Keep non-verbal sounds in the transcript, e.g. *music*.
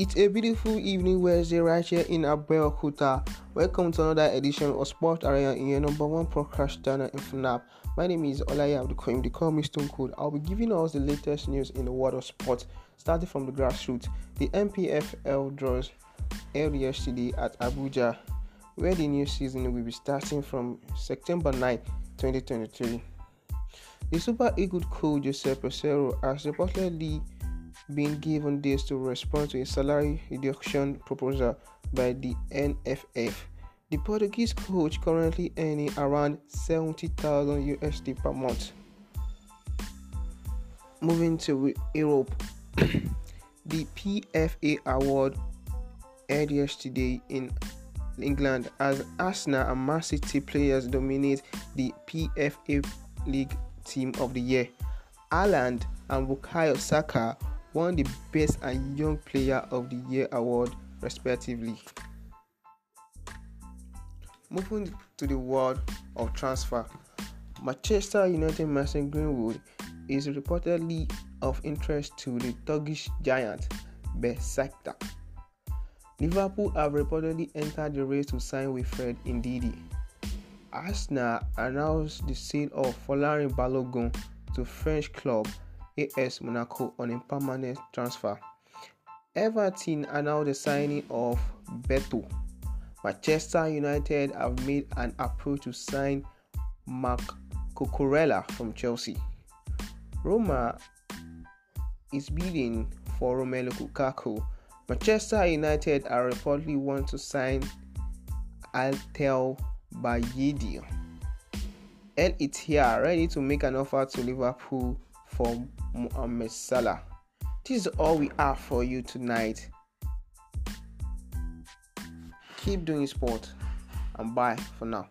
It's a beautiful evening Wednesday right here in Kuta. Welcome to another edition of Sport Arena in your number one podcast channel in FNAP. My name is Olaya Abdukoyim, the call me Stone Cold. I'll be giving us the latest news in the world of sport, starting from the grassroots. The MPFL draws held yesterday at Abuja, where the new season will be starting from September 9, 2023. The Super Eagles coach Josep Pesero has reportedly being given days to respond to a salary reduction proposal by the NFF. The Portuguese coach currently earning around 70,000 USD per month. Moving to Europe, *coughs* the PFA Award aired yesterday in England as Arsenal and Man City players dominate the PFA League Team of the Year. Ireland and Bukayo Saka won the Best and Young Player of the Year award, respectively. Moving to the world of transfer, Manchester United Mason Greenwood is reportedly of interest to the Turkish giant Besiktas. Liverpool have reportedly entered the race to sign with Fred Ndidi. Arsenal announced the sale of Folarin Balogun to French club AS Monaco on a permanent transfer. Everton are now the signing of Beto. Manchester United have made an approach to sign Mark Cucurella from Chelsea. Roma is bidding for Romelu Lukaku. Manchester United are reportedly want to sign Altel Bayedi. And it's ready to make an offer to Liverpool for Mohamed Salah. This is all we have for you tonight. Keep doing sport and bye for now.